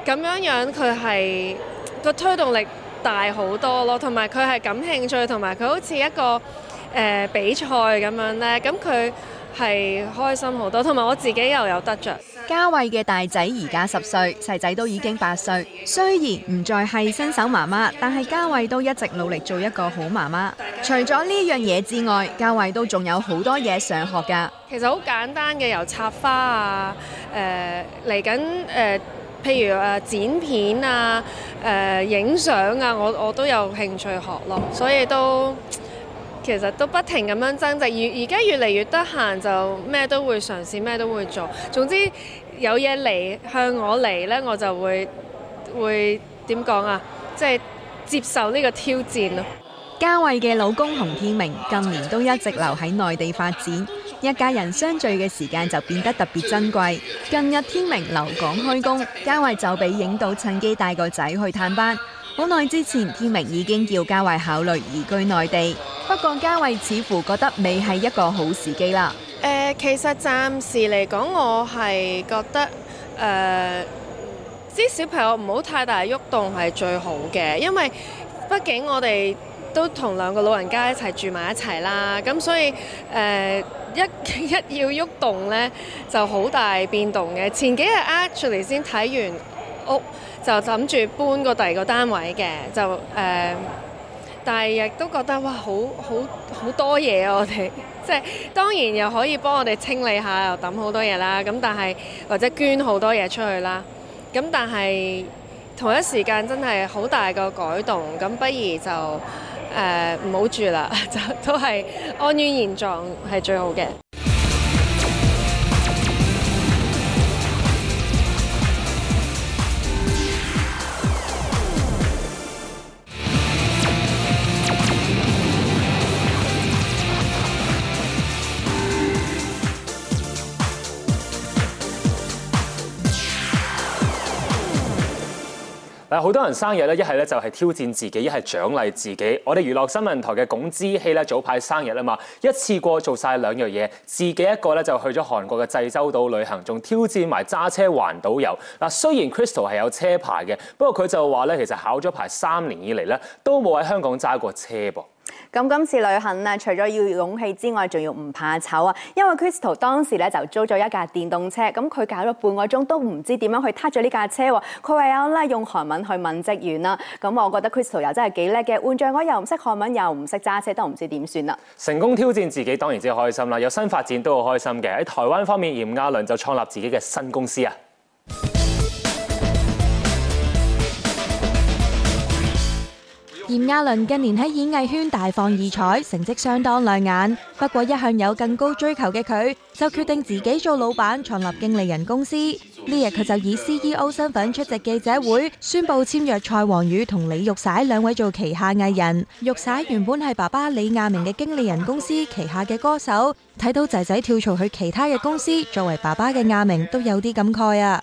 樣樣佢係個推動力大好多咯，同埋佢係感興趣，同埋佢好似一個。誒、呃、比賽咁樣咧，咁佢係開心好多，同埋我自己又有得着。嘉慧嘅大仔而家十歲，細仔都已經八歲。雖然唔再係新手媽媽，但係嘉慧都一直努力做一個好媽媽。除咗呢樣嘢之外，嘉慧都仲有好多嘢想學㗎。其實好簡單嘅，由插花啊，誒嚟緊誒，譬如誒剪片啊，誒影相啊，我我都有興趣學咯，所以都。其實都不停咁樣增值，而而家越嚟越得閒，就咩都會嘗試，咩都會做。總之有嘢嚟向我嚟呢我就會會點講啊？即係、就是、接受呢個挑戰咯。嘉慧嘅老公洪天明近年都一直留喺內地發展，一家人相聚嘅時間就變得特別珍貴。近日天明留港開工，嘉慧就俾影到趁機帶個仔去探班。好耐之前，天明已經叫嘉慧考慮移居內地，不過嘉慧似乎覺得未係一個好時機啦。誒、呃，其實暫時嚟講，我係覺得誒啲、呃、小朋友唔好太大喐動係最好嘅，因為畢竟我哋都同兩個老人家一齊住埋一齊啦。咁所以誒、呃、一一要喐動咧，就好大變動嘅。前幾日 actually 先睇完。屋就諗住搬個第二個單位嘅，就誒、呃，但係亦都覺得哇，好好好多嘢啊！我哋即係當然又可以幫我哋清理下，又抌好多嘢啦。咁但係或者捐好多嘢出去啦。咁但係同一時間真係好大個改動。咁不如就誒唔好住啦，就都係安於現狀係最好嘅。好多人生日呢，一係呢就係挑戰自己，一係獎勵自己。我哋娛樂新聞台嘅龔芝希呢，早排生日吖嘛，一次過做晒兩樣嘢，自己一個呢，就去咗韓國嘅濟州島旅行，仲挑戰埋揸車環島遊。雖然 Crystal 係有車牌嘅，不過佢就話呢，其實考咗牌三年以嚟呢，都冇喺香港揸過車噃。咁今次旅行啊，除咗要勇氣之外，仲要唔怕醜啊！因為 Crystal 當時咧就租咗一架電動車，咁佢搞咗半個鐘都唔知點樣去撻著呢架車喎。佢唯有咧用韓文去問職員啦。咁我覺得 Crystal 又真係幾叻嘅，換著我又唔識韓文，又唔識揸車，都唔知點算啦。成功挑戰自己，當然之開心啦！有新發展都好開心嘅。喺台灣方面，嚴亞倫就創立自己嘅新公司啊！炎亞倫近年喺演藝圈大放異彩，成績相當亮眼。不過一向有更高追求嘅佢，就決定自己做老闆，創立經理人公司。呢日佢就以 CEO 身份出席記者會，宣布簽約蔡黃宇同李玉璽兩位做旗下藝人。玉璽原本係爸爸李亞明嘅經理人公司旗下嘅歌手，睇到仔仔跳槽去其他嘅公司，作為爸爸嘅亞明都有啲感慨啊！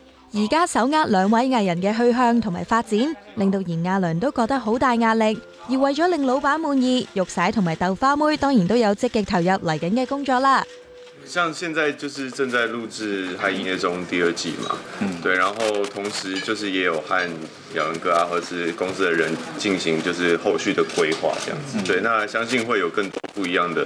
而家手握兩位藝人嘅去向同埋發展，令到嚴亞倫都覺得好大壓力。而為咗令老闆滿意，玉璽同埋豆花妹當然都有積極投入嚟緊嘅工作啦。像現在就是正在錄製，喺營業中第二季嘛，嗯，對，然後同時就是也有和雅文哥啊，或者是公司的人進行就是後續的規劃，這樣子。對，那相信會有更多不一樣的。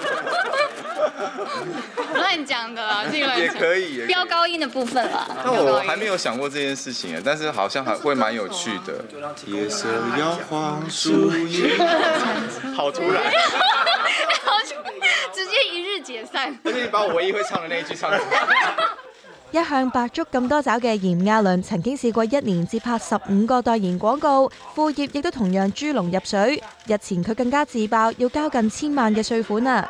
亂講的，這個也可以飆高音的部分了。但我還沒有想過這件事情啊，但是好像還會蠻有趣的。夜色搖晃，樹葉好突然， 直接一日解散。而且你把我唯一會唱的那一句唱麼 一向百足咁多爪嘅炎亞綸曾經試過一年接拍十五個代言廣告，副業亦都同樣豬籠入水。日前佢更加自爆要交近千萬嘅稅款啊！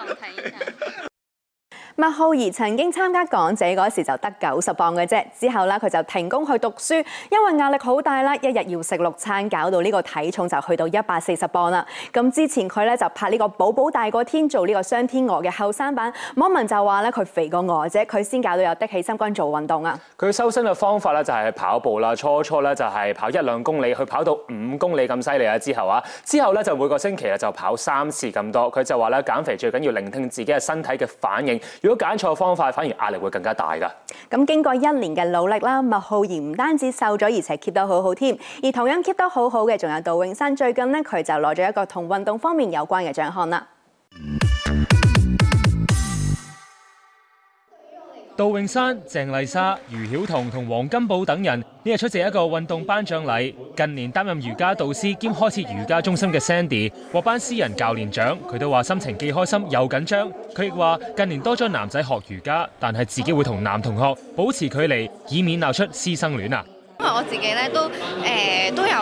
麥浩兒曾經參加港姐嗰時就得九十磅嘅啫，之後咧佢就停工去讀書，因為壓力好大啦，一日要食六餐，搞到呢個體重就去到一百四十磅啦。咁之前佢咧就拍呢個《寶寶大過天》做呢個雙天鵝嘅後生版，網民就話咧佢肥過我啫，佢先搞到有得起心肝做運動啊。佢修身嘅方法咧就係跑步啦，初初咧就係跑一兩公里，去跑到五公里咁犀利啊。之後啊，之後咧就每個星期啊就跑三次咁多。佢就話咧減肥最緊要聆聽自己嘅身體嘅反應。如果揀錯方法，反而壓力會更加大噶。咁經過一年嘅努力啦，麥浩然唔單止瘦咗，而且 keep 得好好添。而同樣 keep 得好好嘅，仲有杜永山。最近呢，佢就攞咗一個同運動方面有關嘅獎項啦。嗯杜永山、鄭麗莎、余曉彤同黃金寶等人呢日出席一個運動頒獎禮。近年擔任瑜伽導師兼開設瑜伽中心嘅 Sandy 獲頒私人教練獎，佢都話心情既開心又緊張。佢亦話近年多咗男仔學瑜伽，但係自己會同男同學保持距離，以免鬧出師生戀啊！因為我自己咧都誒、呃、都有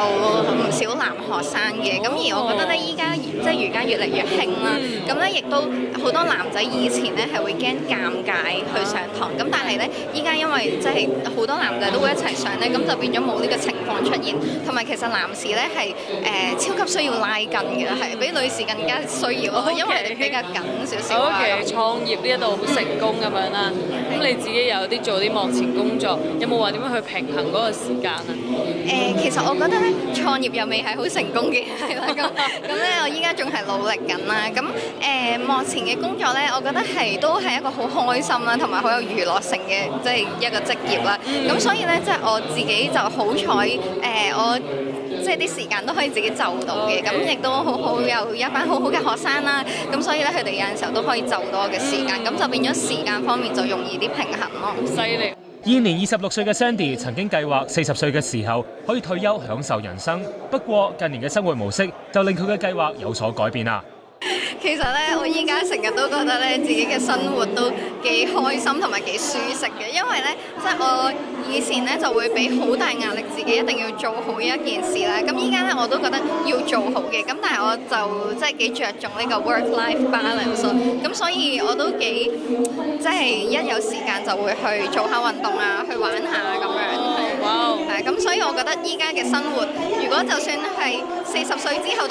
唔少男學生嘅，咁、哦、而我覺得咧依、哦、家即係瑜伽越嚟越興啦，咁咧亦都好多男仔以前咧係會驚尷尬去上堂，咁、啊、但係咧依家因為即係好多男仔都會一齊上咧，咁、嗯、就變咗冇呢個情況出現，同埋其實男士咧係誒超級需要拉近嘅，係、嗯、比女士更加需要咯，okay, 因為你比較緊少少嘛。咁、okay, 創、嗯、業呢一度好成功咁樣啦，咁、okay, 嗯、你自己又有啲做啲幕前工作，有冇話點樣去平衡嗰、那個？時間啊！誒、呃，其實我覺得咧，創業又未係好成功嘅，係 啦、嗯。咁、嗯、咧，我依家仲係努力緊啦。咁、嗯、誒，幕、呃、前嘅工作咧，我覺得係都係一個好開心啦，同埋好有娛樂性嘅，即、就、係、是、一個職業啦。咁、嗯嗯、所以咧，即、就、係、是、我自己就好彩誒，我即係啲時間都可以自己就到嘅。咁、嗯、亦都好好有一班很好好嘅學生啦。咁、嗯嗯、所以咧，佢哋有陣時候都可以就到我嘅時間。咁、嗯、就變咗時間方面就容易啲平衡咯。犀利！現年二十六歲嘅 Sandy 曾經計劃四十歲嘅時候可以退休享受人生，不過近年嘅生活模式就令佢嘅計劃有所改變啦。其實咧，我依家成日都覺得咧，自己嘅生活都幾開心同埋幾舒適嘅，因為咧，即係我以前咧就會俾好大壓力自己一定要做好一件事咧，咁依家咧我都覺得要做好嘅，咁但係我就即係幾着重呢個 work-life balance，咁所以我都幾即係一有時間就會去做下運動啊，去玩下咁樣。係哇！wow，係咁，所以我覺得依家嘅生活，如果就算係。四十歲之後,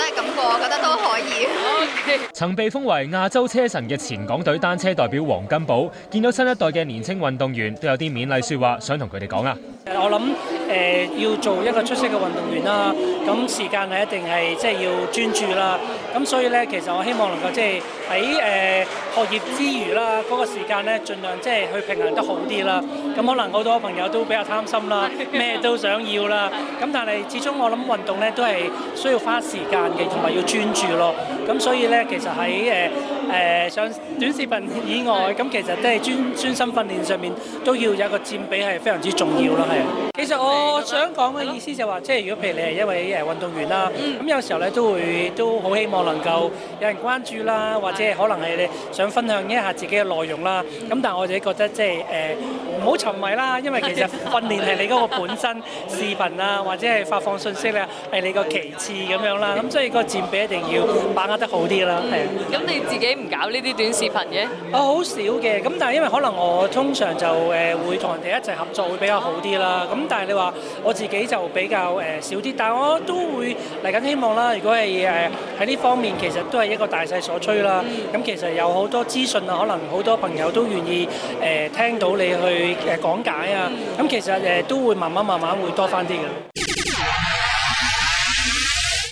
都要花時間嘅，同埋要專注咯。咁所以咧，其實喺誒。呃誒、呃、上短視頻以外，咁其實都係專專心訓練上面都要有一個佔比係非常之重要咯，係啊。其實我想講嘅意思就係話，是嗯，即係如果譬如你係一位誒運動員啦，咁、嗯、有時候咧都會都好希望能夠有人關注啦、嗯，或者可能係你想分享一下自己嘅內容啦。咁、嗯、但係我自己覺得即係誒唔好沉迷啦，因為其實訓練係你嗰個，本身、嗯、視頻啊，或者係發放信息咧係你個其次咁樣啦。咁、嗯、所以個佔比一定要把握得好啲啦，係、嗯、咁、嗯、你自己。唔搞呢啲短視頻嘅？我、啊、好少嘅，咁但係因為可能我通常就誒會同人哋一齊合作會比較好啲啦。咁但係你話我自己就比較誒、呃、少啲，但係我都會嚟緊希望啦。如果係誒喺呢方面，其實都係一個大勢所趨啦。咁其實有好多資訊啊，可能好多朋友都願意誒、呃、聽到你去誒講解啊。咁、嗯嗯、其實誒、呃、都會慢慢慢慢會多翻啲嘅。嗯。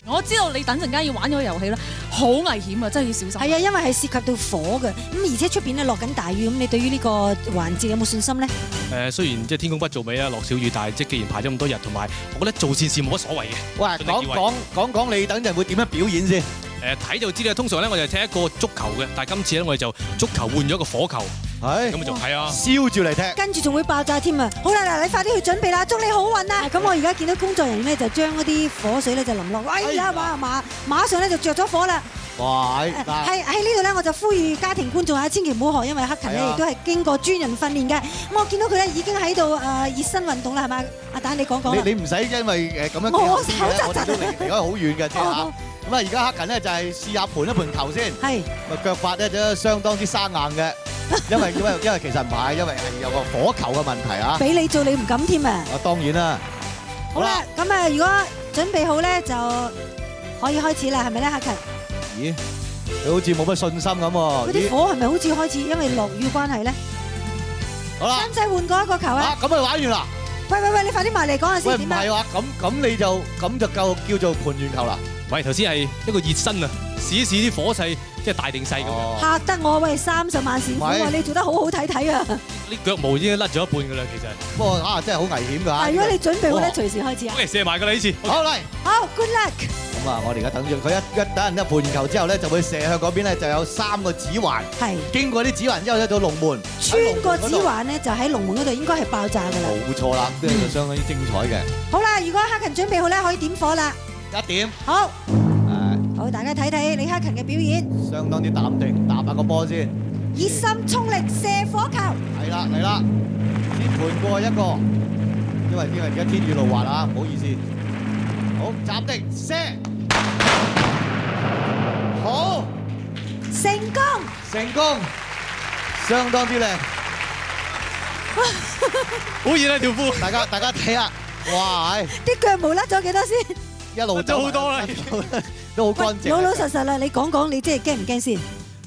我知道你等陣間要玩咗個遊戲啦，好危險啊，真係要小心。係啊，因為係涉及到火嘅，咁而且出邊咧落緊大雨，咁你對於呢個環節有冇信心呢？誒、呃，雖然即係天公不造美啊，落小雨，但係即係既然排咗咁多日，同埋我覺得做善事冇乜所謂嘅。哇，講講講講你等陣會點樣表演先？誒、呃，睇就知啦。通常咧我就踢一個足球嘅，但係今次咧我哋就足球換咗個火球。係咁啊做係啊，燒住嚟聽，跟住仲會爆炸添啊！好啦，嗱你快啲去準備啦，祝你好運啊！咁我而家見到工作人員咧就將嗰啲火水咧就淋落，哎呀馬啊馬，馬上咧就着咗火啦！喂，係喺呢度咧，我就呼籲家庭觀眾啊，千祈唔好學，因為黑擎呢亦都係經過專人訓練嘅。咁我見到佢咧已經喺度誒熱身運動啦，係咪阿蛋，你講講啦，你唔使因為誒咁樣我，我手窒窒離開好遠嘅啫嚇。哎咁啊，而家黑擎咧就係試下盤一盤球先，係，咪腳法咧就相當之生硬嘅，因為因為其實唔係，因為係有個火球嘅問題啊。俾你做你唔敢添啊！啊，當然啦。好啦，咁啊，如果準備好咧，就可以開始啦，係咪咧，黑擎？咦，你好似冇乜信心咁喎。嗰啲火係咪好似開始因為落雨關係咧？好啦，使唔使換過一個球啊？嚇，咁咪玩完啦！喂喂喂，你快啲埋嚟講下先點啊！唔係啊，咁咁你就咁就夠叫做盤完球啦。喂，頭先係一個熱身啊，試一試啲火勢，即係大定細咁樣吓得我喂三十萬線，你做得好好睇睇啊！啲腳毛已經甩咗一半噶啦，其實不過啊，真係好危險噶吓！如果你準備好咧，隨時開始啊！射埋噶啦呢次，好啦，好，good luck！咁啊，我哋而家等住佢一一等人一盤球之後咧，就會射向嗰邊咧，就有三個指環，係經過啲指環，又入到龍門，穿過指環咧，就喺龍門嗰度，應該係爆炸噶啦，冇錯啦，呢就相當之精彩嘅。好啦，如果克勤準備好咧，可以點火啦。一點好，好大家睇睇李克勤嘅表演，相當之淡定，打下個波先，熱心衝力射火球，係啦嚟啦，先盤過一個，因為因為而家天雨路滑啊，唔好意思，好暫定射，好成功，成功，相當之靚，好熱啊條褲，大家大家睇下，哇，啲腳毛甩咗幾多先？一路走好多啦，都好乾淨。老老實實啦，你講講你即係驚唔驚先？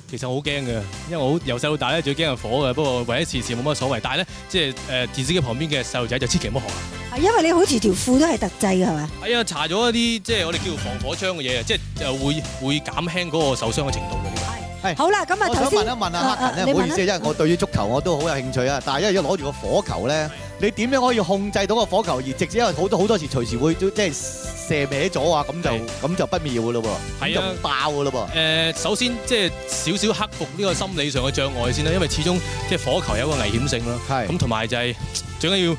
其實我好驚嘅，因為我好由細到大咧最驚係火嘅。不過為一時事，冇乜所謂，但係咧即係誒電視機旁邊嘅細路仔就千祈唔好學啊！係因為你好似條褲都係特製嘅係嘛？係啊，搽咗一啲即係我哋叫做防火槍嘅嘢即係就會、會會減輕嗰個受傷嘅程度嘅。係係好啦，咁啊，我先問一問阿黑琴咧，唔好、啊、意思、啊，因為我對於足球我都好有興趣啊，但係因為一攞住個火球咧。你點樣可以控制到個火球？而直接因為好多好多時隨時會即係射歪咗啊！咁就咁就不妙嘅咯，咁就爆嘅咯。誒、呃，首先即係少少克服呢個心理上嘅障礙先啦，因為始終即係火球有一個危險性咯。咁同埋就係、是、最緊要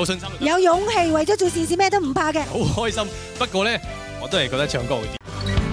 有信心，有勇氣為了，為咗做善事咩都唔怕嘅。好開心，不過咧我都係覺得唱歌會好啲。